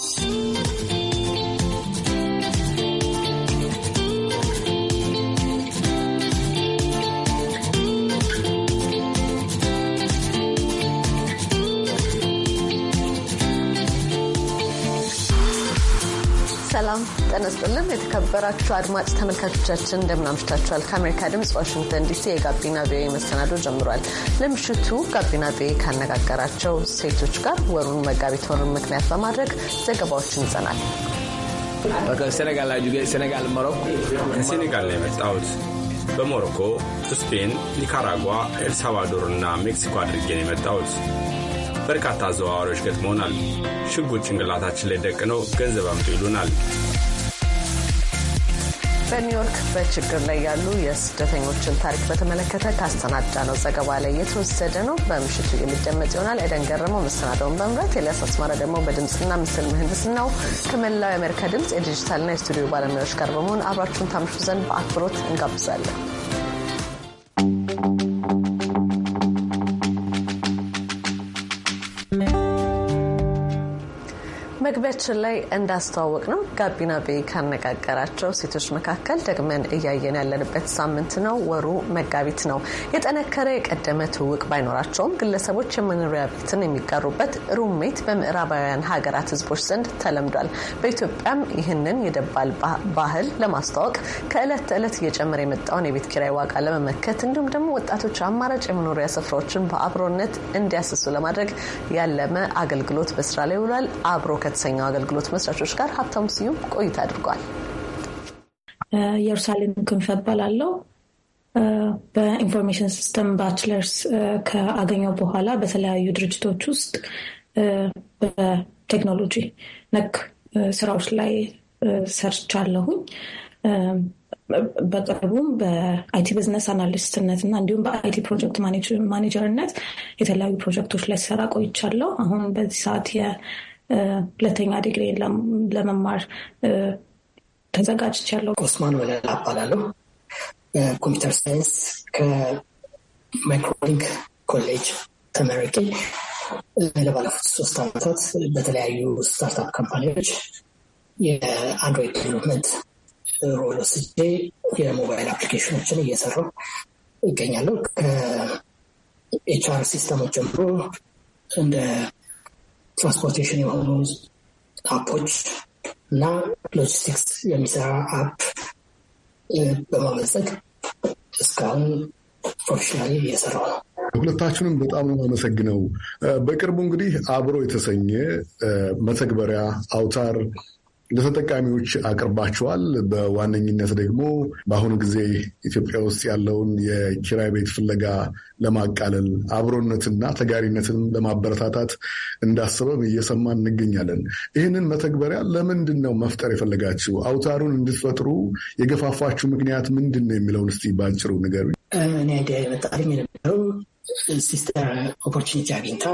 心。ሰላም ጤና ይስጥልን። የተከበራችሁ አድማጭ ተመልካቾቻችን እንደምን አምሽታችኋል? ከአሜሪካ ድምጽ ዋሽንግተን ዲሲ የጋቢና ቪኦኤ መሰናዶ ጀምሯል። ለምሽቱ ጋቢና ቪኦኤ ካነጋገራቸው ሴቶች ጋር ወሩን መጋቢት ወሩን ምክንያት በማድረግ ዘገባዎችን ይዘናል። ከሴኔጋል ሴኔጋል ከሴኔጋል ነው የመጣሁት። በሞሮኮ ስፔን፣ ኒካራጓ፣ ኤልሳልቫዶር እና ሜክሲኮ አድርጌ ነው የመጣሁት። በርካታ አዘዋዋሪዎች ገጥመውናል። ሽጉጥ ጭንቅላታችን ላይ ደቅነው ገንዘብ አምጡ ይሉናል። በኒውዮርክ በችግር ላይ ያሉ የስደተኞችን ታሪክ በተመለከተ ነው ዘገባ ላይ የተወሰደ ነው። በምሽቱ የሚደመጥ ይሆናል። ኤደን ገረመው መሰናደውን በመምራት ኤልያስ አስማራ ደግሞ በድምፅና ምስል ነው። ከመላው የአሜሪካ ድምፅ የዲጂታልና የስቱዲዮ ባለሙያዎች ጋር በመሆን አብራችሁን ታምሹ ዘንድ በአክብሮት እንጋብዛለን። በመግቢያችን ላይ እንዳስተዋወቅ ነው ጋቢና ቤ ካነጋገራቸው ሴቶች መካከል ደግመን እያየን ያለንበት ሳምንት ነው። ወሩ መጋቢት ነው። የጠነከረ የቀደመ ትውውቅ ባይኖራቸውም ግለሰቦች የመኖሪያ ቤትን የሚጋሩበት ሩሜት በምዕራባውያን ሀገራት ህዝቦች ዘንድ ተለምዷል። በኢትዮጵያም ይህንን የደባል ባህል ለማስተዋወቅ ከእለት ተዕለት እየጨመረ የመጣውን የቤት ኪራይ ዋጋ ለመመከት እንዲሁም ደግሞ ወጣቶች አማራጭ የመኖሪያ ስፍራዎችን በአብሮነት እንዲያስሱ ለማድረግ ያለመ አገልግሎት በስራ ላይ ውሏል። አብሮ ከተሰኘው አገልግሎት መስራቾች ጋር ሀብታሙ ስዩም ቆይታ አድርጓል። ኢየሩሳሌም ክንፈ እባላለሁ። በኢንፎርሜሽን ሲስተም ባችለርስ ከአገኘው በኋላ በተለያዩ ድርጅቶች ውስጥ በቴክኖሎጂ ነክ ስራዎች ላይ ሰርቻለሁኝ። በቅርቡም በአይቲ ቢዝነስ አናሊስትነት እና እንዲሁም በአይቲ ፕሮጀክት ማኔጀርነት የተለያዩ ፕሮጀክቶች ላይ ሰራ ቆይቻለሁ። አሁን በዚህ ሰዓት ሁለተኛ ዲግሪ ለመማር ተዘጋጅቻለሁ። ኦስማን ወለላ እባላለሁ። ኮምፒውተር ሳይንስ ከማይክሮሊንክ ኮሌጅ ተመርቄ ለባለፉት ሶስት ዓመታት በተለያዩ ስታርታፕ ካምፓኒዎች የአንድሮይድ ዴቨሎፕመንት ሮል ወስጄ የሞባይል አፕሊኬሽኖችን እየሰራሁ ይገኛለሁ። ከኤችአር ሲስተሞች ጀምሮ እንደ ትራንስፖርቴሽን የሆኑ አፖች እና ሎጂስቲክስ የሚሰራ አፕ በማበልጸግ እስካሁን ፕሮፌሽናሊ እየሰራው ነው። ሁለታችንም በጣም ነው አመሰግነው። በቅርቡ እንግዲህ አብሮ የተሰኘ መተግበሪያ አውታር ለተጠቃሚዎች አቅርባቸዋል። በዋነኝነት ደግሞ በአሁኑ ጊዜ ኢትዮጵያ ውስጥ ያለውን የኪራይ ቤት ፍለጋ ለማቃለል አብሮነትና ተጋሪነትን ለማበረታታት እንዳሰበም እየሰማን እንገኛለን። ይህንን መተግበሪያ ለምንድን ነው መፍጠር የፈለጋችሁ? አውታሩን እንድትፈጥሩ የገፋፋችሁ ምክንያት ምንድን ነው የሚለውን እስቲ ባጭሩ ንገሩኝ። እኔ አይዲያ የመጣልኝ የነበረው ሲስተር ኦፖርቹኒቲ አግኝታ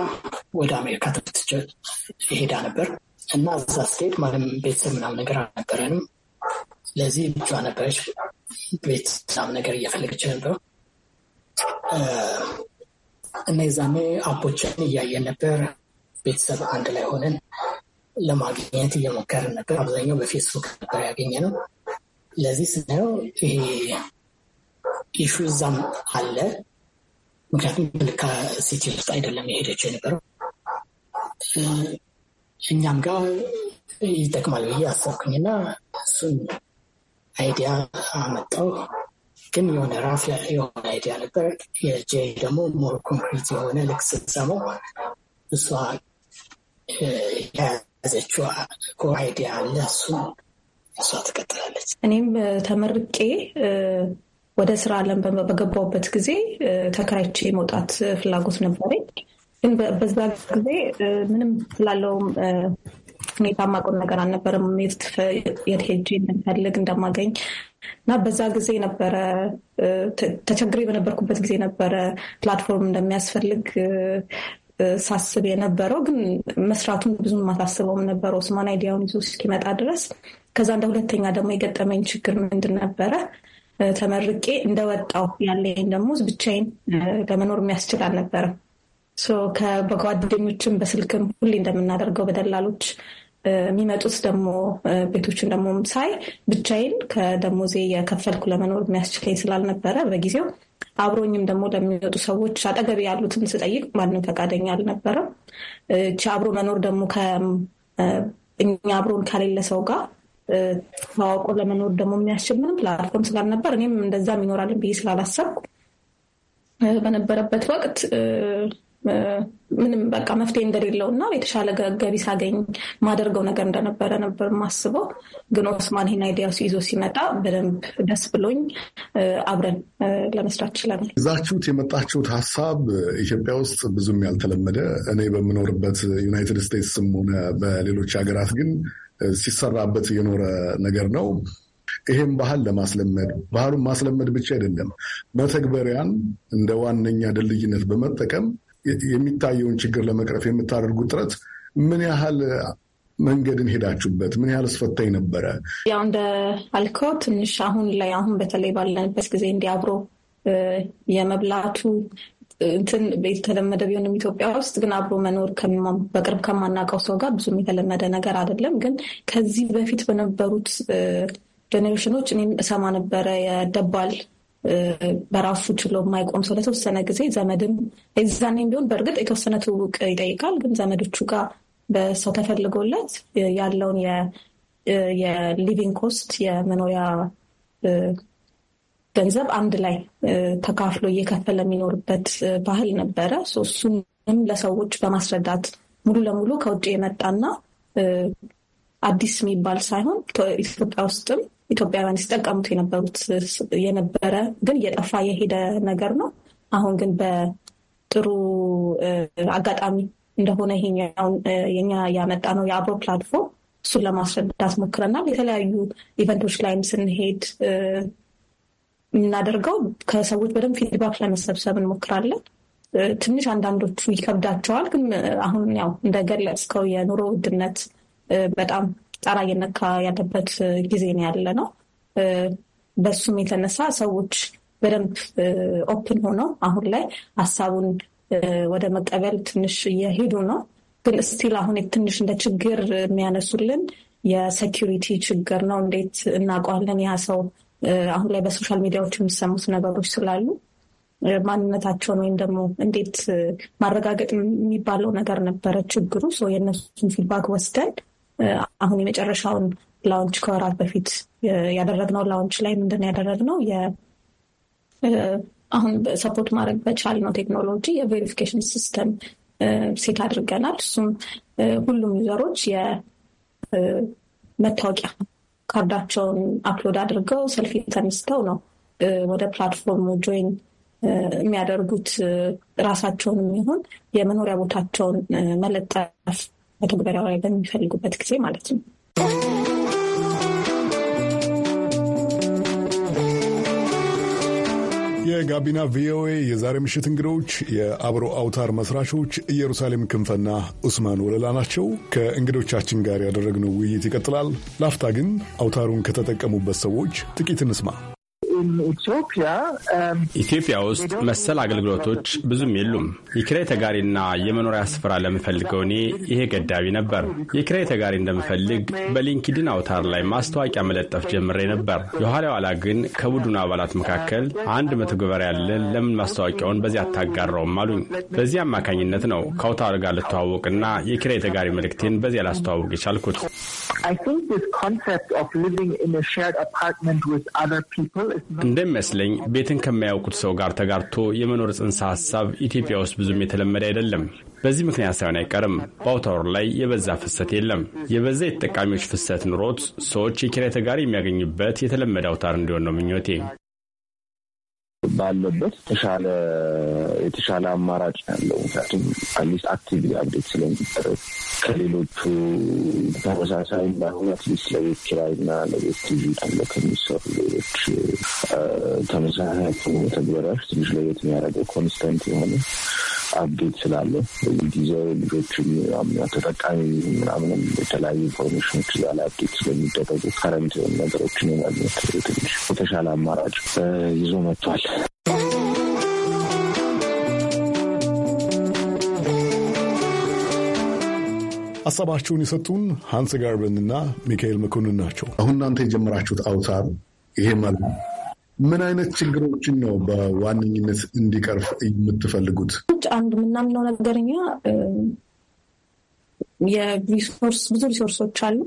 ወደ አሜሪካ ትምህርት ይሄዳ ነበር እና እዛ ስትሄድ ማንም ቤተሰብ ምናምን ነገር አልነበረንም። ለዚህ ብቻ ነበረች ቤት ምናምን ነገር እየፈለገች ነበር እና የዛኔ አቦችን እያየን ነበር። ቤተሰብ አንድ ላይ ሆነን ለማግኘት እየሞከርን ነበር። አብዛኛው በፌስቡክ ነበር ያገኘ ነው። ለዚህ ስናየው ይሄ ኢሹ እዛም አለ። ምክንያቱም ልካ ሲቲ ውስጥ አይደለም የሄደችው የነበረው እኛም ጋር ይጠቅማል ብዬ አሰብኩኝና እሱን አይዲያ አመጣው። ግን የሆነ ራፍ የሆነ አይዲያ ነበር። የጄ ደግሞ ሞር ኮንክሪት የሆነ ልክ ስትሰማው እሷ የያዘችው ኮ አይዲያ አለ። እሱ እሷ ትቀጥላለች። እኔም ተመርቄ ወደ ስራ አለም በገባውበት ጊዜ ተከራይቼ መውጣት ፍላጎት ነበረኝ። ግን በዛ ጊዜ ምንም ስላለውም ሁኔታ ማቆም ነገር አልነበረም። የት ሄጄ እንደምፈልግ እንደማገኝ እና በዛ ጊዜ ነበረ ተቸግሬ በነበርኩበት ጊዜ ነበረ ፕላትፎርም እንደሚያስፈልግ ሳስብ የነበረው ግን መስራቱን ብዙም አሳስበውም ነበረው ኦስማን አይዲያውን ይዞ እስኪመጣ ድረስ። ከዛ እንደ ሁለተኛ ደግሞ የገጠመኝ ችግር ምንድን ነበረ? ተመርቄ እንደወጣው ያለኝ ደግሞ ብቻዬን ለመኖር የሚያስችል አልነበረም። በጓደኞችም በስልክም ሁሌ እንደምናደርገው በደላሎች የሚመጡት ደግሞ ቤቶችን ደግሞ ሳይ ብቻዬን ከደሞዜ የከፈልኩ ለመኖር የሚያስችለኝ ስላልነበረ በጊዜው አብሮኝም ደግሞ ለሚመጡ ሰዎች አጠገብ ያሉትን ስጠይቅ ማንም ፈቃደኛ አልነበረም። እቺ አብሮ መኖር ደግሞ እኛ አብሮን ከሌለ ሰው ጋር ተዋውቆ ለመኖር ደግሞ የሚያስችል ምንም ፕላትፎርም ስላልነበር እኔም እንደዛም ይኖራልን ብዬ ስላላሰብኩ በነበረበት ወቅት ምንም በቃ መፍትሄ እንደሌለው እና የተሻለ ገቢ ሳገኝ ማደርገው ነገር እንደነበረ ነበር ማስበው። ግን ኦስማን ይህን አይዲያ ይዞ ሲመጣ በደንብ ደስ ብሎኝ አብረን ለመስራት ችለናል። ይዛችሁት የመጣችሁት ሀሳብ ኢትዮጵያ ውስጥ ብዙም ያልተለመደ እኔ በምኖርበት ዩናይትድ ስቴትስም ሆነ በሌሎች ሀገራት ግን ሲሰራበት የኖረ ነገር ነው። ይሄም ባህል ለማስለመድ ባህሉን ማስለመድ ብቻ አይደለም፣ መተግበሪያን እንደ ዋነኛ ድልድይነት በመጠቀም የሚታየውን ችግር ለመቅረፍ የምታደርጉት ጥረት ምን ያህል መንገድን ሄዳችሁበት? ምን ያህል አስፈታኝ ነበረ? ያው እንደ አልከው ትንሽ አሁን ላይ አሁን በተለይ ባለንበት ጊዜ እንዲህ አብሮ የመብላቱ እንትን የተለመደ ቢሆንም ኢትዮጵያ ውስጥ ግን አብሮ መኖር በቅርብ ከማናውቀው ሰው ጋር ብዙም የተለመደ ነገር አይደለም። ግን ከዚህ በፊት በነበሩት ጀኔሬሽኖች እኔም እሰማ ነበረ የደባል በራሱ ችሎ የማይቆም ሰው ለተወሰነ ጊዜ ዘመድም የዛኔም ቢሆን በእርግጥ የተወሰነ ትውውቅ ይጠይቃል። ግን ዘመዶቹ ጋር በሰው ተፈልጎለት ያለውን የሊቪንግ ኮስት የመኖሪያ ገንዘብ አንድ ላይ ተካፍሎ እየከፈለ የሚኖርበት ባህል ነበረ። እሱንም ለሰዎች በማስረዳት ሙሉ ለሙሉ ከውጭ የመጣና አዲስ የሚባል ሳይሆን ኢትዮጵያ ውስጥም ኢትዮጵያውያን ሲጠቀሙት የነበሩት የነበረ ግን እየጠፋ የሄደ ነገር ነው። አሁን ግን በጥሩ አጋጣሚ እንደሆነ ይሄኛውን የኛ ያመጣ ነው የአብሮ ፕላትፎርም እሱን ለማስረዳት ሞክረናል። የተለያዩ ኢቨንቶች ላይም ስንሄድ የምናደርገው ከሰዎች በደንብ ፊድባክ ለመሰብሰብ እንሞክራለን። ትንሽ አንዳንዶቹ ይከብዳቸዋል። ግን አሁን ያው እንደገለጽከው የኑሮ ውድነት በጣም ጣራ እየነካ ያለበት ጊዜ ነው ያለ ነው። በሱም የተነሳ ሰዎች በደንብ ኦፕን ሆነው አሁን ላይ ሀሳቡን ወደ መቀበል ትንሽ እየሄዱ ነው። ግን እስቲል አሁን ትንሽ እንደ ችግር የሚያነሱልን የሴኪሪቲ ችግር ነው። እንዴት እናውቀዋለን ያ ሰው አሁን ላይ በሶሻል ሚዲያዎች የሚሰሙት ነገሮች ስላሉ ማንነታቸውን ወይም ደግሞ እንዴት ማረጋገጥ የሚባለው ነገር ነበረ ችግሩ። የእነሱን ፊድባክ ወስደን አሁን የመጨረሻውን ላውንች ከወራት በፊት ያደረግነው ላውንች ላይ ምንድን ያደረግነው አሁን ሰፖርት ማድረግ በቻል ነው ቴክኖሎጂ የቬሪፊኬሽን ሲስተም ሴት አድርገናል። እሱም ሁሉም ዩዘሮች የመታወቂያ ካርዳቸውን አፕሎድ አድርገው ሰልፊ ተነስተው ነው ወደ ፕላትፎርሙ ጆይን የሚያደርጉት። ራሳቸውን የሚሆን የመኖሪያ ቦታቸውን መለጠፍ መተግበሪያው ላይ በሚፈልጉበት ጊዜ ማለት ነው። የጋቢና ቪኦኤ የዛሬ ምሽት እንግዶች የአብሮ አውታር መስራቾች ኢየሩሳሌም ክንፈና ኡስማን ወለላ ናቸው። ከእንግዶቻችን ጋር ያደረግነው ውይይት ይቀጥላል። ላፍታ ግን አውታሩን ከተጠቀሙበት ሰዎች ጥቂት እንስማ። ኢትዮጵያ ውስጥ መሰል አገልግሎቶች ብዙም የሉም። የኪራይ ተጋሪና የመኖሪያ ስፍራ ለምፈልገው እኔ ይሄ ገዳቢ ነበር። የኪራይ ተጋሪ እንደምፈልግ በሊንክድን አውታር ላይ ማስታወቂያ መለጠፍ ጀምሬ ነበር። የኋላ ኋላ ግን ከቡድኑ አባላት መካከል አንድ መተግበሪያ ያለ ለምን ማስታወቂያውን በዚህ አታጋራውም አሉኝ። በዚህ አማካኝነት ነው ከአውታር ጋር ልተዋወቅና የኪራይ ተጋሪ መልእክቴን በዚያ ላስተዋውቅ የቻልኩት። እንደሚመስለኝ ቤትን ከማያውቁት ሰው ጋር ተጋርቶ የመኖር ጽንሰ ሀሳብ ኢትዮጵያ ውስጥ ብዙም የተለመደ አይደለም። በዚህ ምክንያት ሳይሆን አይቀርም በአውታወር ላይ የበዛ ፍሰት የለም። የበዛ የተጠቃሚዎች ፍሰት ኑሮት ሰዎች የኪራይ ተጋሪ የሚያገኙበት የተለመደ አውታር እንዲሆን ነው ምኞቴ። ባለበት ተሻለ የተሻለ አማራጭ ያለው ምክንያቱም አትሊስት አክቲቭ አብዴት ስለሚደረግ ከሌሎቹ ተመሳሳይ ባይሆን አትሊስት ለቤት ኪራይና ለቤት ቲቪ አለ ከሚሰሩ ሌሎች ተመሳሳይ ተግበሪያዎች ትንሽ ለቤት የሚያደርገው ኮንስተንት የሆነ አብዴት ስላለ ጊዜው ልጆች ተጠቃሚ ምናምንም የተለያዩ ኢንፎርሜሽኖች ላለ አብዴት ስለሚደረጉ ከረንት ነገሮችን የማግኘት ትንሽ የተሻለ አማራጭ ይዞ መጥቷል። ሀሳባቸውን የሰጡን ሀንስ ጋርበንና ሚካኤል መኮንን ናቸው። አሁን እናንተ የጀመራችሁት አውታር ይሄ ምን አይነት ችግሮችን ነው በዋነኝነት እንዲቀርፍ የምትፈልጉት? አንዱ የምናምነው ነገርኛ የሪሶርስ ብዙ ሪሶርሶች አሉ።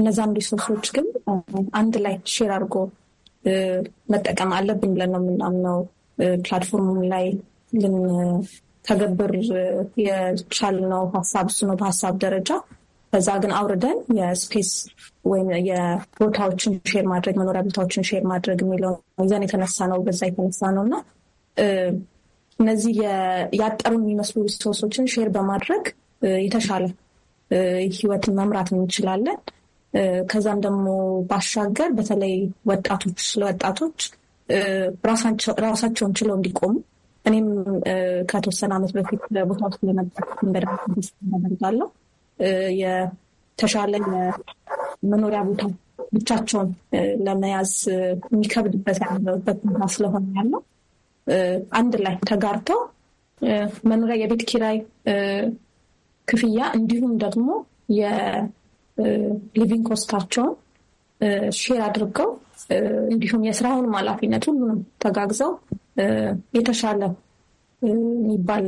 እነዛም ሪሶርሶች ግን አንድ ላይ ሼር አድርጎ መጠቀም አለብን ብለን ነው የምናምነው። ፕላትፎርሙም ላይ ልንተገብር የቻልነው ሀሳብ እሱ ነው በሀሳብ ደረጃ ከዛ ግን አውርደን የስፔስ ወይም የቦታዎችን ሼር ማድረግ መኖሪያ ቦታዎችን ሼር ማድረግ የሚለው ይዘን የተነሳ ነው። በዛ የተነሳ ነው እና እነዚህ ያጠሩ የሚመስሉ ሪሶርሶችን ሼር በማድረግ የተሻለ ህይወትን መምራት እንችላለን። ከዛም ደግሞ ባሻገር በተለይ ወጣቶች ስለወጣቶች ራሳቸውን ችለው እንዲቆሙ እኔም ከተወሰነ ዓመት በፊት በቦታ ውስጥ ለመጣት ስ አደርጋለሁ የተሻለ የመኖሪያ ቦታ ብቻቸውን ለመያዝ የሚከብድበት ያለበት ቦታ ስለሆነ ያለው አንድ ላይ ተጋርተው መኖሪያ የቤት ኪራይ ክፍያ እንዲሁም ደግሞ የሊቪንግ ኮስታቸውን ሼር አድርገው እንዲሁም የስራውን ኃላፊነት ሁሉንም ተጋግዘው የተሻለ የሚባል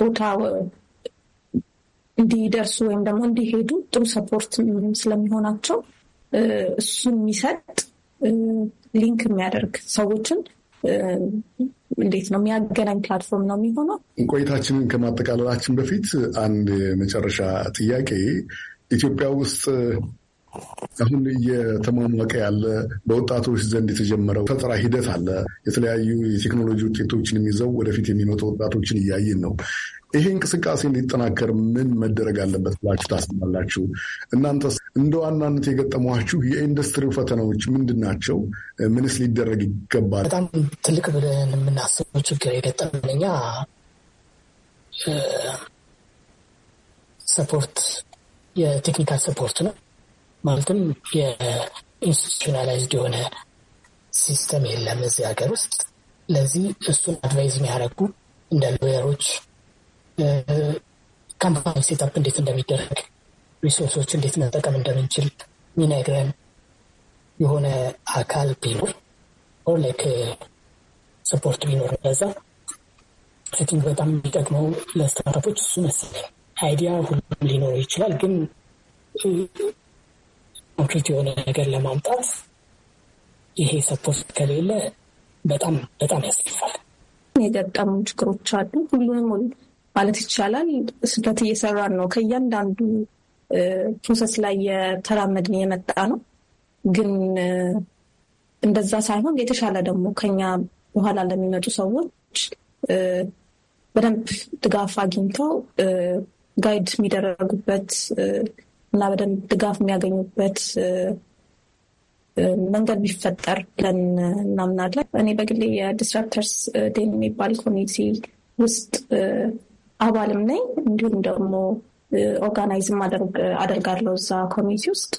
ቦታ እንዲደርሱ ወይም ደግሞ እንዲሄዱ ጥሩ ሰፖርት ስለሚሆናቸው እሱን የሚሰጥ ሊንክ የሚያደርግ ሰዎችን እንዴት ነው የሚያገናኝ ፕላትፎርም ነው የሚሆነው። ቆይታችንን ከማጠቃለላችን በፊት አንድ የመጨረሻ ጥያቄ ኢትዮጵያ ውስጥ አሁን እየተሟሟቀ ያለ በወጣቶች ዘንድ የተጀመረው ፈጠራ ሂደት አለ። የተለያዩ የቴክኖሎጂ ውጤቶችን ይዘው ወደፊት የሚመጡ ወጣቶችን እያየን ነው። ይሄ እንቅስቃሴ እንዲጠናከር ምን መደረግ አለበት ብላችሁ ታስባላችሁ? እናንተስ እንደ ዋናነት የገጠሟችሁ የኢንዱስትሪው ፈተናዎች ምንድን ናቸው? ምንስ ሊደረግ ይገባል? በጣም ትልቅ ብለን የምናስበው ችግር የገጠመኛ ሰፖርት የቴክኒካል ሰፖርት ነው። ማለትም የኢንስቲቱሽናላይዝድ የሆነ ሲስተም የለም እዚህ ሀገር ውስጥ። ለዚህ እሱን አድቫይዝ የሚያደርጉ እንደ ሎየሮች ካምፓኒ ሴታፕ እንዴት እንደሚደረግ ሪሶርሶች እንዴት መጠቀም እንደምንችል ሚነግረን የሆነ አካል ቢኖር ኦር ላይክ ሰፖርት ቢኖር ለዛ ቲንክ በጣም የሚጠቅመው ለስታርታፖች እሱ መሰለኝ። አይዲያ ሁሉም ሊኖር ይችላል፣ ግን ኮንክሪት የሆነ ነገር ለማምጣት ይሄ ሰፖርት ከሌለ በጣም በጣም ያስፋል። የገጠሙ ችግሮች አሉ። ሁሉንም ማለት ይቻላል ስደት እየሰራን ነው። ከእያንዳንዱ ፕሮሰስ ላይ የተራመድን የመጣ ነው። ግን እንደዛ ሳይሆን የተሻለ ደግሞ ከኛ በኋላ ለሚመጡ ሰዎች በደንብ ድጋፍ አግኝተው ጋይድ የሚደረጉበት እና በደንብ ድጋፍ የሚያገኙበት መንገድ ቢፈጠር ብለን እናምናለን። እኔ በግሌ የዲስራፕተርስ ዴን የሚባል ኮሚኒቲ ውስጥ አባልም ነኝ። እንዲሁም ደግሞ ኦርጋናይዝም አደርጋለሁ እዛ ኮሚቲ ውስጥ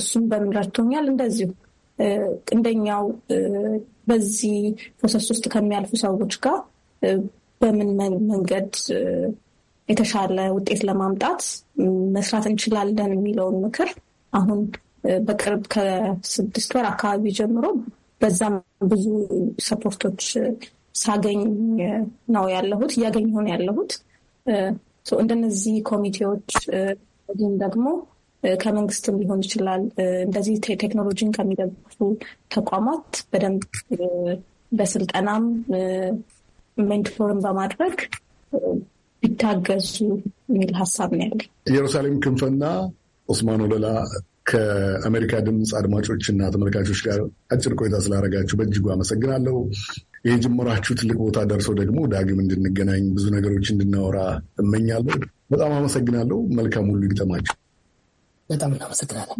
እሱም በምን ረድቶኛል። እንደዚሁ እንደኛው በዚህ ፕሮሰስ ውስጥ ከሚያልፉ ሰዎች ጋር በምን መንገድ የተሻለ ውጤት ለማምጣት መስራት እንችላለን የሚለውን ምክር አሁን በቅርብ ከስድስት ወር አካባቢ ጀምሮ በዛም ብዙ ሰፖርቶች ሳገኝ ነው ያለሁት እያገኝ ሆን ያለሁት እንደነዚህ ኮሚቴዎች እንዲሁም ደግሞ ከመንግስትም ሊሆን ይችላል እንደዚህ ቴክኖሎጂን ከሚደግፉ ተቋማት በደንብ በስልጠናም ሜንቶርን በማድረግ ቢታገዙ የሚል ሀሳብ ነው ያለ። ኢየሩሳሌም ክንፈና ኦስማን ወለላ ከአሜሪካ ድምፅ አድማጮች እና ተመልካቾች ጋር አጭር ቆይታ ስላደረጋችሁ በእጅጉ አመሰግናለሁ። የጀመራችሁ ትልቅ ቦታ ደርሶ ደግሞ ዳግም እንድንገናኝ ብዙ ነገሮች እንድናወራ እመኛለሁ። በጣም አመሰግናለሁ። መልካም ሁሉ ይግጠማችሁ። በጣም እናመሰግናለን።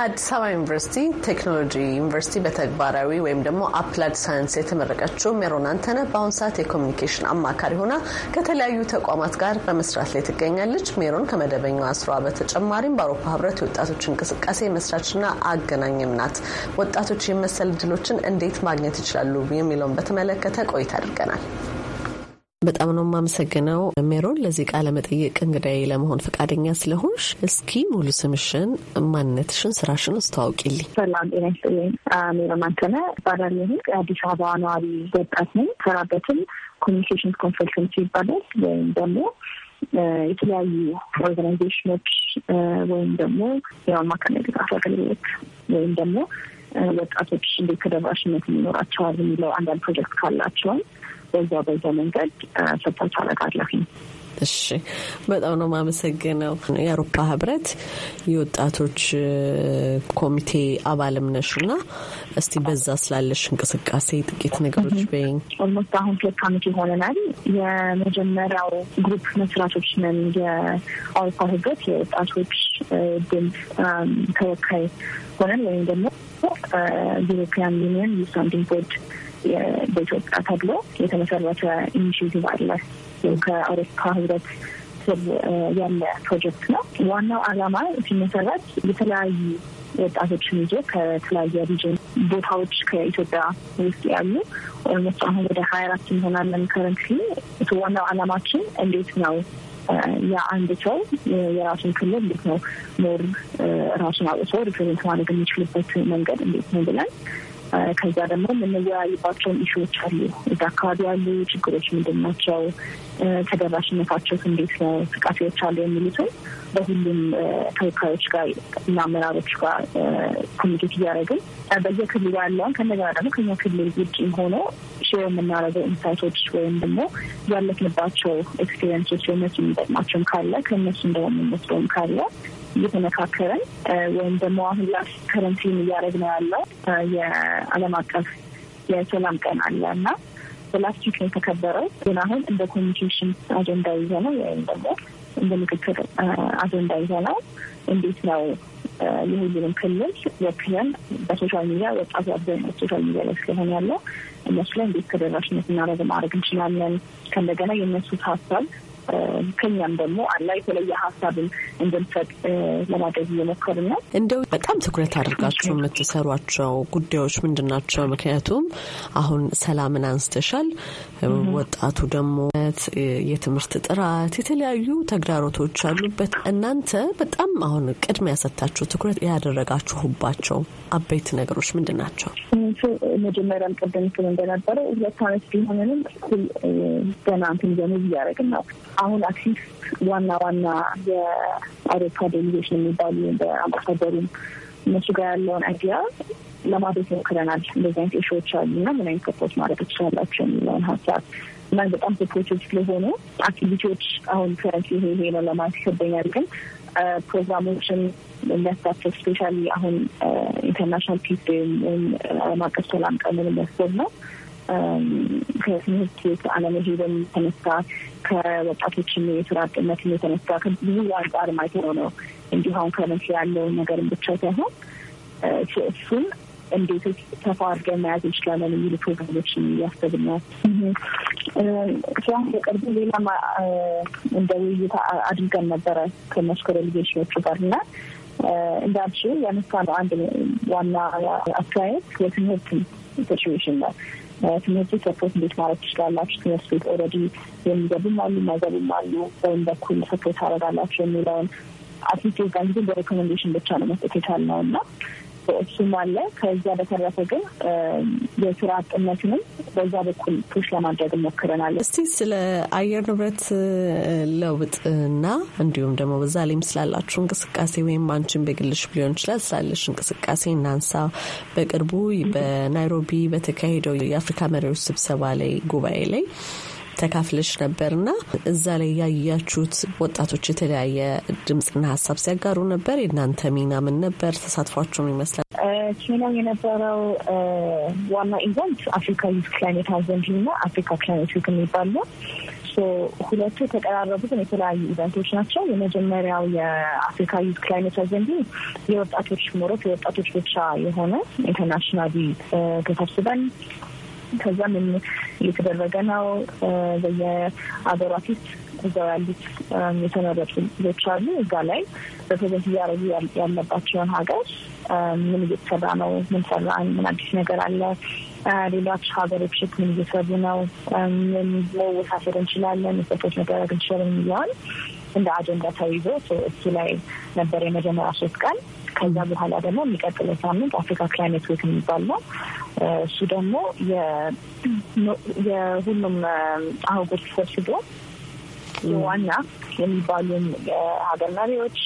ከአዲስ አበባ ዩኒቨርሲቲ ቴክኖሎጂ ዩኒቨርሲቲ በተግባራዊ ወይም ደግሞ አፕላድ ሳይንስ የተመረቀችው ሜሮን አንተነ በአሁን ሰዓት የኮሚኒኬሽን አማካሪ ሆና ከተለያዩ ተቋማት ጋር በመስራት ላይ ትገኛለች። ሜሮን ከመደበኛዋ ስራዋ በተጨማሪም በአውሮፓ ህብረት የወጣቶች እንቅስቃሴ መስራችና አገናኝም ናት። ወጣቶች የመሰል እድሎችን እንዴት ማግኘት ይችላሉ የሚለውን በተመለከተ ቆይታ አድርገናል። በጣም ነው የማመሰግነው ሜሮን ለዚህ ቃለ መጠየቅ እንግዳይ ለመሆን ፈቃደኛ ስለሆንሽ። እስኪ ሙሉ ስምሽን፣ ማንነትሽን፣ ስራሽን አስተዋውቂልኝ። ሰላም ጤና ይስጥልኝ። ሜሮን አንተነ እባላለሁ። አዲስ አበባ ነዋሪ ወጣት ነኝ። ሰራበትም ኮሚኒኬሽን ኮንሰልተንሲ ይባላል ወይም ደግሞ የተለያዩ ኦርጋናይዜሽኖች ወይም ደግሞ የማማከርና የድጋፍ አገልግሎት ወይም ደግሞ ወጣቶች እንዴት ተደራሽነት ይኖራቸዋል የሚለው አንዳንድ ፕሮጀክት ካላቸውን በዛ በዛ መንገድ ሰፖርት አረጋለሁኝ። እሺ በጣም ነው የማመሰግነው። የአውሮፓ ህብረት የወጣቶች ኮሚቴ አባልም ነሽ እና እስቲ በዛ ስላለሽ እንቅስቃሴ ጥቂት ነገሮች በይኝ። ኦልሞስት አሁን ሁለት ዓመት ይሆነናል። የመጀመሪያው ግሩፕ መስራቾች ነን። የአውሮፓ ህብረት የወጣቶች ድምፅ ተወካይ ሆነን ወይም ደግሞ ዩሮፒያን ዩኒየን ዩዝ ቦርድ በኢትዮጵያ ተብሎ የተመሰረተ ኢኒሽቲቭ አለ። ከአውሮፓ ህብረት ስር ያለ ፕሮጀክት ነው። ዋናው አላማ ሲመሰረት የተለያዩ ወጣቶችን ይዞ ከተለያየ ሪጅን ቦታዎች ከኢትዮጵያ ውስጥ ያሉ ኦልሞስት አሁን ወደ ሀያ አራት እንሆናለን ከረንትሊ። ዋናው አላማችን እንዴት ነው የአንድ ሰው የራሱን ክልል እንዴት ነው ኖር ራሱን አውጥቶ ሪፕሬዘንት ማድረግ የሚችልበት መንገድ እንዴት ነው ብለን ከዛ ደግሞ የምንወያይባቸውን ኢሹዎች አሉ። እዛ አካባቢ ያሉ ችግሮች ምንድን ናቸው? ተደራሽነታቸው እንዴት ነው? ስቃሴዎች አሉ የሚሉትን በሁሉም ተወካዮች ጋር እና አመራሮች ጋር ኮሚኒኬት እያደረግን በየክልሉ ያለውን ከነገና ደግሞ ከኛ ክልል ውጭ ሆኖ ሼር የምናደርገው ኢንሳይቶች ወይም ደግሞ ያለፍንባቸው ኤክስፔሪንሶች የእነሱ የሚጠቅማቸውም ካለ ከእነሱ እንደውም የምንወስደውም ካለ እየተመካከረን ወይም ደግሞ አሁን ላይ ከረንሲን ነው ያለው ዓለም አቀፍ የሰላም ቀን አለ እና በላስቲክ ነው የተከበረው። ግን አሁን እንደ ኮሚኒኬሽን አጀንዳ ይዘ ነው ወይም ደግሞ እንደ ምክክር አጀንዳ ይዘ ነው እንዴት ነው የሁሉንም ክልል ወክለን በሶሻል ሚዲያ ወጣቱ አብዛኛው ሶሻል ሚዲያ ላይ ስለሆነ ያለው እነሱ ላይ እንዴት ተደራሽነት እናደርግ ማድረግ እንችላለን። ከእንደገና የእነሱ ሀሳብ ከኛም ደግሞ አላ የተለየ ሀሳብን እንድንሰጥ ለማድረግ እየሞከር ነው። እንደው በጣም ትኩረት አድርጋችሁ የምትሰሯቸው ጉዳዮች ምንድን ናቸው? ምክንያቱም አሁን ሰላምን አንስተሻል። ወጣቱ ደግሞ የትምህርት ጥራት፣ የተለያዩ ተግዳሮቶች አሉበት። እናንተ በጣም አሁን ቅድሚያ ሰጥታችሁ ትኩረት ያደረጋችሁባቸው አበይት ነገሮች ምንድን ናቸው? መጀመሪያም ቀደም ስል እንደነበረው ሁለት አመት ቢሆንንም ገና እንትን እያደረግን ነው አሁን አክሲስ ዋና ዋና የአውሮፓ ዴሊጌሽን የሚባሉ በአምባሳደሩም እነሱ ጋር ያለውን አይዲያ ለማድረግ ሞክረናል። እንደዚህ አይነት ኢሹዎች አሉ እና ምን አይነት ሰፖርት ማድረግ ትችላላቸው የሚለውን ሀሳብ እና በጣም ሰፖርቶች ስለሆኑ አክቲቪቲዎች አሁን ከረንት ይሄ ይሄ ነው ለማለት ይከበኛል። ግን ፕሮግራሞችን የሚያሳተፍ ስፔሻሊ አሁን ኢንተርናሽናል ፒስ ወይም ዓለም አቀፍ ሰላም ቀንን የሚያስብ ነው ከትምህርት ቤት አለመሄድም የተነሳ ከወጣቶችም የስራ አጥነትም የተነሳ ከብዙ አንጻር ማይተነው ነው እንዲሁ አሁን ከመንስ ያለውን ነገርም ብቻ ሳይሆን እሱን እንዴት ሰፋ አድርገን መያዝ እንችላለን የሚሉ ፕሮግራሞች እያሰብን ነው። ሲሁን በቅርቡ ሌላም እንደ ውይይት አድርገን ነበረ ከመሽከረ ዴሌጌሽኖቹ ጋር እና እንዳልሽ ያነሳ ነው አንድ ዋና አስተያየት የትምህርት ሲቹዌሽን ነው። ትምህርት ሰፖርት እንዴት ማድረግ ትችላላችሁ? ትምህርት ቤት ኦልሬዲ የሚገቡም አሉ የማይገቡም አሉ፣ ወይም በኩል ሰፖርት ታደርጋላችሁ የሚለውን አትሊስት የዛን ጊዜ በሬኮመንዴሽን ብቻ ነው መስጠት የቻልነው እና እሱም አለ። ከዚያ በተረፈ ግን የስራ አጥነትንም በዛ በኩል ፑሽ ለማድረግ ሞክረናል። እስቲ ስለ አየር ንብረት ለውጥና እንዲሁም ደግሞ በዛ ላይም ስላላችሁ እንቅስቃሴ ወይም አንቺን በግልሽ ሊሆን ይችላል ስላለሽ እንቅስቃሴ እናንሳ። በቅርቡ በናይሮቢ በተካሄደው የአፍሪካ መሪዎች ስብሰባ ላይ ጉባኤ ላይ ተካፍለሽ ነበርና እዛ ላይ ያያችሁት ወጣቶች የተለያየ ድምፅና ሀሳብ ሲያጋሩ ነበር። የእናንተ ሚና ምን ነበር? ተሳትፏችሁም ይመስላል። ኬንያው የነበረው ዋና ኢቨንት አፍሪካ ዩዝ ክላይሜት እና አፍሪካ ክላይሜት ዊክ የሚባል ሁለቱ የተቀራረቡ ግን የተለያዩ ኢቨንቶች ናቸው። የመጀመሪያው የአፍሪካ ዩዝ ክላይሜት አዘንድ የወጣቶች ሞረት የወጣቶች ብቻ የሆነ ኢንተርናሽናል ተሰብስበን ከዛ ምን እየተደረገ ነው? በየአገራት ውስጥ እዛው ያሉት የተመረጡ ልጆች አሉ። እዛ ላይ በፕሬዘንት እያደረጉ ያለባቸውን ሀገር ምን እየተሰራ ነው? ምን ሰራ? ምን አዲስ ነገር አለ? ሌሎች ሀገሮች ምን እየሰሩ ነው? ምን መወሳሰር እንችላለን? ሰቶች መደረግ እንችላለን የሚለዋል እንደ አጀንዳ ተይዞ እሱ ላይ ነበር የመጀመሪያ ሶስት ቀን። ከዛ በኋላ ደግሞ የሚቀጥለው ሳምንት አፍሪካ ክላይሜት ዊክ የሚባል ነው። እሱ ደግሞ የሁሉም አህጉር ተሰብስቦ ዋና የሚባሉ የሀገር መሪዎች፣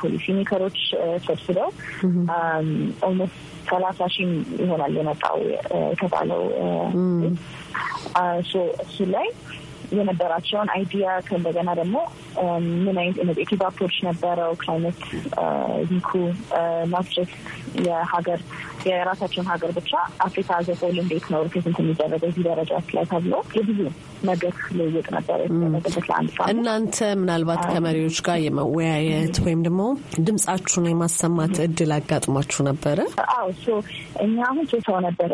ፖሊሲ ሜከሮች ሰብስበው ኦልሞስት ሰላሳ ሺህ ይሆናል የመጣው የተባለው እሱ ላይ የነበራቸውን አይዲያ ከእንደገና ደግሞ um, ምን አይነት ኢኖቬቲቭ አፕሮች ነበረው ክላይመት ዊኩ ናት የሀገር የራሳቸውን ሀገር ብቻ አፍሪካ ዘፎል እንዴት ነው ሪፕሬዘንት የሚደረገው እዚህ ደረጃ ላይ ተብሎ የብዙ ነገር ልውውጥ ነበረ የተደረገበት ለአንድ ሰዓት። እናንተ ምናልባት ከመሪዎች ጋር የመወያየት ወይም ደግሞ ድምጻችሁን የማሰማት እድል አጋጥሟችሁ ነበረ? አዎ ሶ እኛ አሁን ሶስት ሰው ነበረ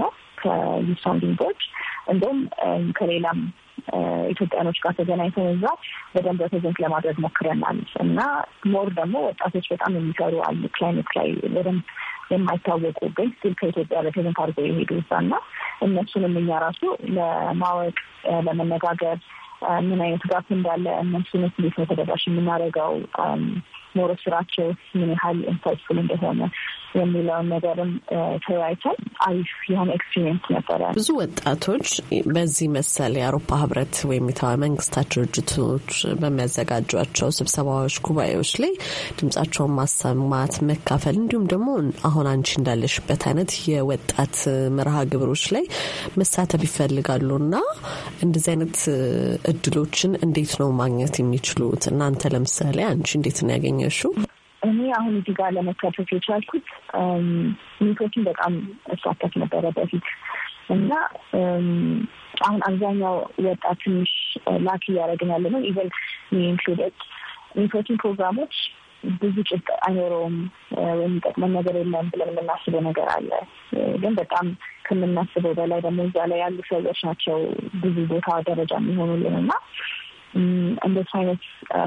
ነው ከዩሳንዲንጎች እንደውም um, ከሌላም ኢትዮጵያኖች ጋር ተገናኝተን እዛ በደንብ ፕሬዘንት ለማድረግ ሞክረናል እና ሞር ደግሞ ወጣቶች በጣም የሚሰሩ አሉ ክላይሜት ላይ በደንብ የማይታወቁ ግን ስቲል ከኢትዮጵያ በፕሬዘንት አድርጎ የሄዱ እና እነሱንም እኛ ራሱ ለማወቅ ለመነጋገር ምን አይነት ጋፕ እንዳለ እነሱን እንዴት ነው ተደራሽ የምናደርገው ሞሮ ስራቸው ምን ያህል ኢንሳይትፉል እንደሆነ የሚለውን ነገርም ተወያይተን አሪፍ የሆነ ኤክስፒሪየንስ ነበረ። ብዙ ወጣቶች በዚህ መሰል የአውሮፓ ህብረት ወይም የተባበሩት መንግስታት ድርጅቶች በሚያዘጋጇቸው ስብሰባዎች፣ ጉባኤዎች ላይ ድምጻቸውን ማሰማት፣ መካፈል እንዲሁም ደግሞ አሁን አንቺ እንዳለሽበት አይነት የወጣት መርሃ ግብሮች ላይ መሳተፍ ይፈልጋሉ እና እንደዚህ አይነት እድሎችን እንዴት ነው ማግኘት የሚችሉት? እናንተ ለምሳሌ አንቺ እንዴት ነው ያገኘሽው? አሁን እዚህ ጋር ለመካፈፍ የቻልኩት ሚቶችን በጣም እሳተፍ ነበረ በፊት እና አሁን አብዛኛው ወጣት ትንሽ ላክ እያደረግን ያለ ነው። ኢቨን ኢንክሉደድ ሚቶችን ፕሮግራሞች ብዙ ጭብጥ አይኖረውም ወይም ጠቅመን ነገር የለም ብለን የምናስበው ነገር አለ። ግን በጣም ከምናስበው በላይ ደግሞ እዛ ላይ ያሉ ሰዎች ናቸው ብዙ ቦታ ደረጃ የሚሆኑልን እና እንደሱ አይነት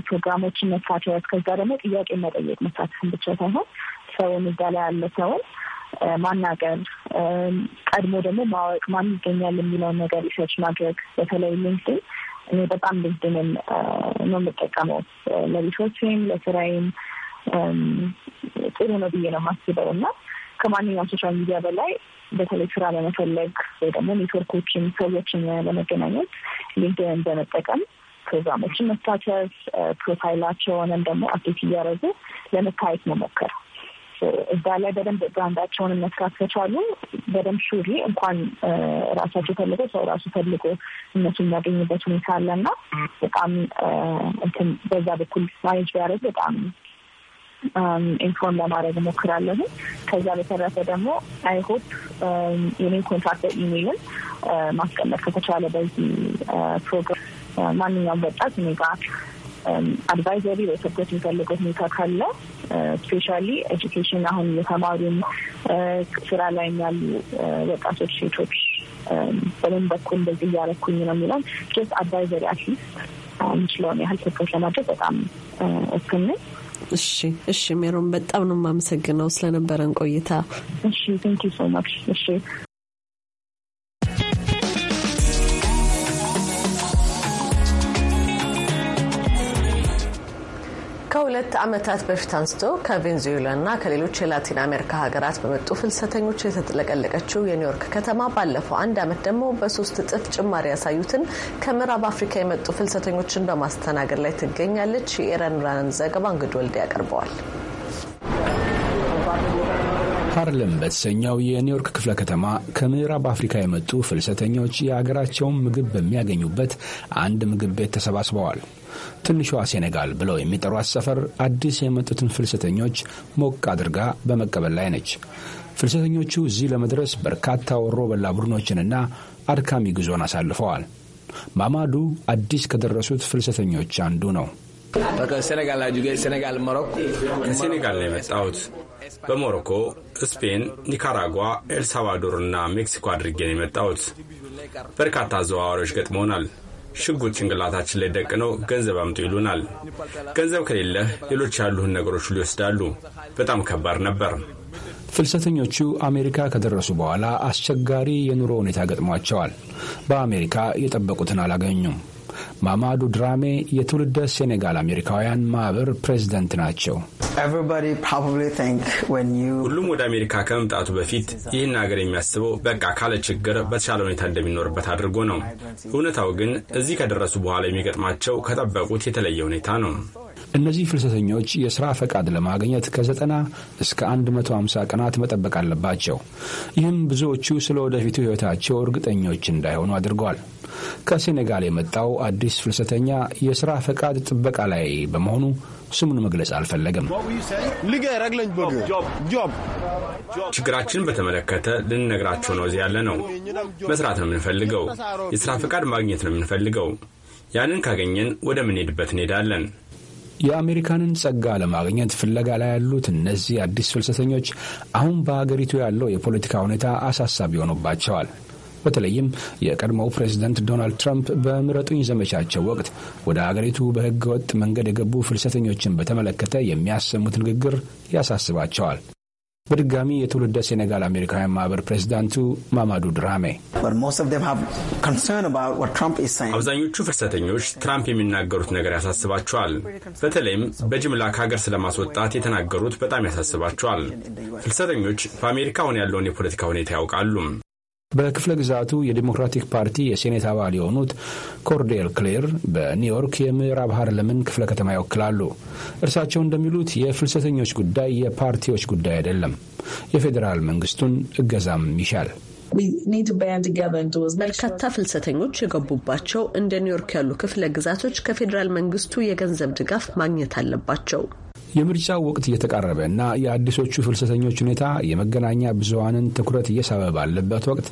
ፕሮግራሞችን መሳተፍ፣ ከዛ ደግሞ ጥያቄ መጠየቅ መሳተፍን ብቻ ሳይሆን ሰውን እዛ ላይ ያለ ሰውን ማናገር ቀድሞ ደግሞ ማወቅ ማን ይገኛል የሚለውን ነገር ሪሰርች ማድረግ በተለይ ሊንክድን እኔ በጣም ሊንክድንን ነው የምጠቀመው ለሪሰርችም ለስራይም ጥሩ ነው ብዬ ነው የማስበው እና ከማንኛውም ሶሻል ሚዲያ በላይ በተለይ ስራ ለመፈለግ ወይ ደግሞ ኔትወርኮችን ሰዎችን ለመገናኘት ሊንክድንን በመጠቀም ፕሮግራሞችን መሳተፍ፣ ፕሮፋይላቸውንም ደግሞ አፕዴት እያደረጉ ለመታየት መሞከር እዛ ላይ በደንብ ብራንዳቸውን መስራት ከቻሉ በደንብ ሹሪ እንኳን ራሳቸው ፈልጎ ሰው ራሱ ፈልጎ እነሱ የሚያገኝበት ሁኔታ አለ አለና በጣም እንትን በዛ በኩል ማኔጅ ቢያደርግ በጣም ኢንፎርም ለማድረግ እሞክራለሁ። ከዛ በተረፈ ደግሞ አይሆፕ የኔን ኮንታክት ኢሜይልን ማስቀመጥ ከተቻለ በዚህ ፕሮግራም ማንኛውም ወጣት እኔ ጋ አድቫይዘሪ um, ወይ ሰፖርት የሚፈልገው ሁኔታ ካለ ስፔሻሊ uh, ኤጁኬሽን አሁን የተማሩም uh, ስራ ላይ ያሉ uh, ወጣቶች፣ ሴቶች um, በምን በኩል እንደዚህ እያረኩኝ ነው የሚለውን ጀስት አድቫይዘሪ አትሊስት የምችለውን ያህል ሰፖርት ለማድረግ በጣም እስክንል እሺ፣ እሺ ሜሮን በጣም ነው የማመሰግነው ስለነበረን ቆይታ። እሺ ቴንክ ዩ ሶ ማች። እሺ ከሁለት ዓመታት በፊት አንስቶ ከቬንዙዌላና ከሌሎች የላቲን አሜሪካ ሀገራት በመጡ ፍልሰተኞች የተጥለቀለቀችው የኒውዮርክ ከተማ ባለፈው አንድ ዓመት ደግሞ በሶስት እጥፍ ጭማሪ ያሳዩትን ከምዕራብ አፍሪካ የመጡ ፍልሰተኞችን በማስተናገድ ላይ ትገኛለች። የኤረን ራንን ዘገባ እንግድ ወልድ ያቀርበዋል። ሃርለም በተሰኘው የኒውዮርክ ክፍለ ከተማ ከምዕራብ አፍሪካ የመጡ ፍልሰተኞች የአገራቸውን ምግብ በሚያገኙበት አንድ ምግብ ቤት ተሰባስበዋል። ትንሿ ሴኔጋል ብለው የሚጠሯት ሰፈር አዲስ የመጡትን ፍልሰተኞች ሞቅ አድርጋ በመቀበል ላይ ነች። ፍልሰተኞቹ እዚህ ለመድረስ በርካታ ወሮ በላ ቡድኖችንና አድካሚ ጉዞን አሳልፈዋል። ማማዱ አዲስ ከደረሱት ፍልሰተኞች አንዱ ነው። ከሴኔጋል ነው የመጣሁት። በሞሮኮ፣ ስፔን፣ ኒካራጓ፣ ኤልሳልቫዶር እና ሜክሲኮ አድርጌ ነው የመጣሁት። በርካታ አዘዋዋሪዎች ገጥመውናል። ሽጉጥ ጭንቅላታችን ላይ ደቅነው ገንዘብ አምጡ ይሉናል። ገንዘብ ከሌለህ ሌሎች ያሉህን ነገሮች ሁሉ ይወስዳሉ። በጣም ከባድ ነበር። ፍልሰተኞቹ አሜሪካ ከደረሱ በኋላ አስቸጋሪ የኑሮ ሁኔታ ገጥሟቸዋል። በአሜሪካ የጠበቁትን አላገኙም። ማማዱ ድራሜ የትውልደ ሴኔጋል አሜሪካውያን ማህበር ፕሬዚደንት ናቸው። ሁሉም ወደ አሜሪካ ከመምጣቱ በፊት ይህን ሀገር የሚያስበው በቃ ካለ ችግር በተሻለ ሁኔታ እንደሚኖርበት አድርጎ ነው። እውነታው ግን እዚህ ከደረሱ በኋላ የሚገጥማቸው ከጠበቁት የተለየ ሁኔታ ነው። እነዚህ ፍልሰተኞች የሥራ ፈቃድ ለማግኘት ከዘጠና እስከ 150 ቀናት መጠበቅ አለባቸው። ይህም ብዙዎቹ ስለ ወደፊቱ ሕይወታቸው እርግጠኞች እንዳይሆኑ አድርገዋል። ከሴኔጋል የመጣው አዲስ ፍልሰተኛ የሥራ ፈቃድ ጥበቃ ላይ በመሆኑ ስሙን መግለጽ አልፈለግም። ችግራችን በተመለከተ ልንነግራቸው ነው። እዚህ ያለ ነው። መስራት ነው የምንፈልገው። የሥራ ፈቃድ ማግኘት ነው የምንፈልገው። ያንን ካገኘን ወደ ምንሄድበት እንሄዳለን። የአሜሪካንን ጸጋ ለማግኘት ፍለጋ ላይ ያሉት እነዚህ አዲስ ፍልሰተኞች አሁን በሀገሪቱ ያለው የፖለቲካ ሁኔታ አሳሳቢ ሆኖባቸዋል። በተለይም የቀድሞው ፕሬዝደንት ዶናልድ ትራምፕ በምረጡኝ ዘመቻቸው ወቅት ወደ አገሪቱ በሕገ ወጥ መንገድ የገቡ ፍልሰተኞችን በተመለከተ የሚያሰሙት ንግግር ያሳስባቸዋል። በድጋሚ የትውልደ ሴኔጋል አሜሪካውያን ማህበር ፕሬዚዳንቱ ማማዱ ድራሜ አብዛኞቹ ፍልሰተኞች ትራምፕ የሚናገሩት ነገር ያሳስባቸዋል። በተለይም በጅምላ ከሀገር ስለማስወጣት የተናገሩት በጣም ያሳስባቸዋል። ፍልሰተኞች በአሜሪካ አሁን ያለውን የፖለቲካ ሁኔታ ያውቃሉ። በክፍለ ግዛቱ የዲሞክራቲክ ፓርቲ የሴኔት አባል የሆኑት ኮርዴል ክሌር በኒውዮርክ የምዕራብ ሃርለምን ክፍለ ከተማ ይወክላሉ። እርሳቸው እንደሚሉት የፍልሰተኞች ጉዳይ የፓርቲዎች ጉዳይ አይደለም፣ የፌዴራል መንግስቱን እገዛም ይሻል። በርካታ ፍልሰተኞች የገቡባቸው እንደ ኒውዮርክ ያሉ ክፍለ ግዛቶች ከፌዴራል መንግስቱ የገንዘብ ድጋፍ ማግኘት አለባቸው። የምርጫው ወቅት እየተቃረበ እና የአዲሶቹ ፍልሰተኞች ሁኔታ የመገናኛ ብዙሀንን ትኩረት እየሳበ ባለበት ወቅት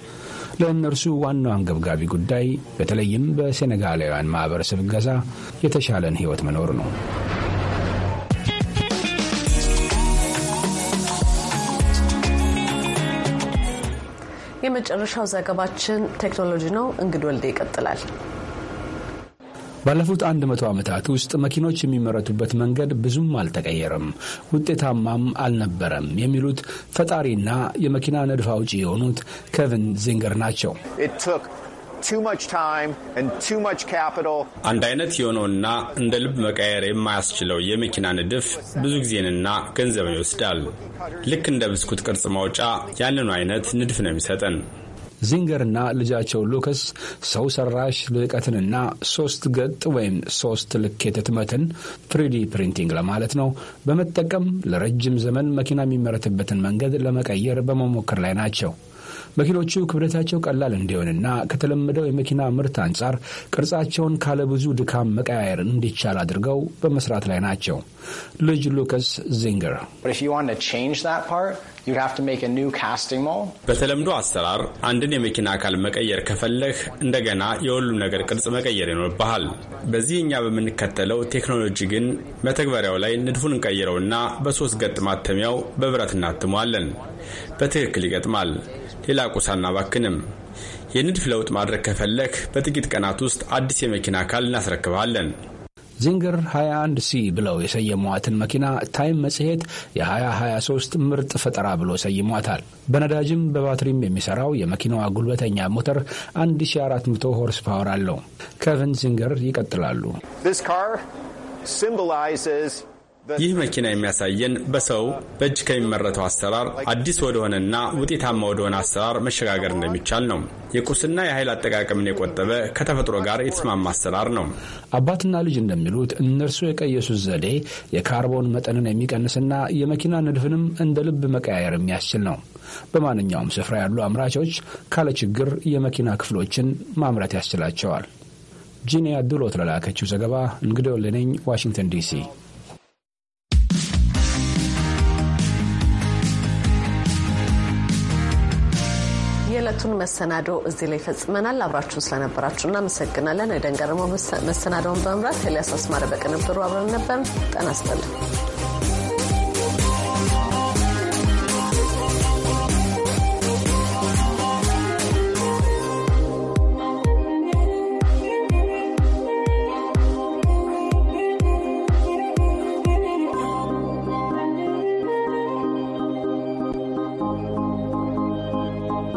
ለእነርሱ ዋናው አንገብጋቢ ጉዳይ በተለይም በሴኔጋላውያን ማህበረሰብ ገዛ የተሻለን ህይወት መኖር ነው። የመጨረሻው ዘገባችን ቴክኖሎጂ ነው። እንግድ ወልደ ይቀጥላል። ባለፉት አንድ መቶ ዓመታት ውስጥ መኪኖች የሚመረቱበት መንገድ ብዙም አልተቀየረም፣ ውጤታማም አልነበረም የሚሉት ፈጣሪና የመኪና ንድፍ አውጪ የሆኑት ኬቪን ዚንገር ናቸው። አንድ አይነት የሆነውና እንደ ልብ መቀየር የማያስችለው የመኪና ንድፍ ብዙ ጊዜንና ገንዘብን ይወስዳል። ልክ እንደ ብስኩት ቅርጽ ማውጫ ያንኑ አይነት ንድፍ ነው የሚሰጠን። ዚንገርና ልጃቸው ሉከስ ሰው ሰራሽ ልቀትንና ሶስት ገጥ ወይም ሶስት ልኬት ህትመትን ፍሪዲ ፕሪንቲንግ ለማለት ነው በመጠቀም ለረጅም ዘመን መኪና የሚመረትበትን መንገድ ለመቀየር በመሞከር ላይ ናቸው። መኪኖቹ ክብደታቸው ቀላል እንዲሆንና ከተለመደው የመኪና ምርት አንጻር ቅርጻቸውን ካለብዙ ድካም መቀያየር እንዲቻል አድርገው በመስራት ላይ ናቸው። ልጅ ሉከስ ዚንገር በተለምዶ አሰራር አንድን የመኪና አካል መቀየር ከፈለህ እንደገና የሁሉም ነገር ቅርጽ መቀየር ይኖርብሃል። በዚህ እኛ በምንከተለው ቴክኖሎጂ ግን መተግበሪያው ላይ ንድፉን እንቀይረውና በሶስት ገጥ ማተሚያው በብረት እናትመዋለን። በትክክል ይገጥማል። ሌላ ቁስ አናባክንም። የንድፍ ለውጥ ማድረግ ከፈለክ በጥቂት ቀናት ውስጥ አዲስ የመኪና አካል እናስረክብሃለን። ዚንገር 21 ሲ ብለው የሰየሟትን መኪና ታይም መጽሔት የ2023 ምርጥ ፈጠራ ብሎ ሰይሟታል። በነዳጅም በባትሪም የሚሰራው የመኪናዋ ጉልበተኛ ሞተር 1400 ሆርስ ፓወር አለው። ከቨን ዚንገር ይቀጥላሉ። ይህ መኪና የሚያሳየን በሰው በእጅ ከሚመረተው አሰራር አዲስ ወደሆነና ውጤታማ ወደሆነ አሰራር መሸጋገር እንደሚቻል ነው። የቁስና የኃይል አጠቃቀምን የቆጠበ ከተፈጥሮ ጋር የተስማማ አሰራር ነው። አባትና ልጅ እንደሚሉት እነርሱ የቀየሱት ዘዴ የካርቦን መጠንን የሚቀንስና የመኪና ንድፍንም እንደ ልብ መቀያየር የሚያስችል ነው። በማንኛውም ስፍራ ያሉ አምራቾች ካለ ችግር የመኪና ክፍሎችን ማምረት ያስችላቸዋል። ጂኒያ ዱሎ ለላከችው ዘገባ እንግዲህ ወለነኝ ዋሽንግተን ዲሲ የዕለቱን መሰናዶ እዚህ ላይ ፈጽመናል። አብራችሁን ስለነበራችሁ እናመሰግናለን። የደንገረመው መሰናዶውን በመምራት ኤልያስ አስማረ በቅንብሩ አብረን ነበርን። ጤና ይስጥልን።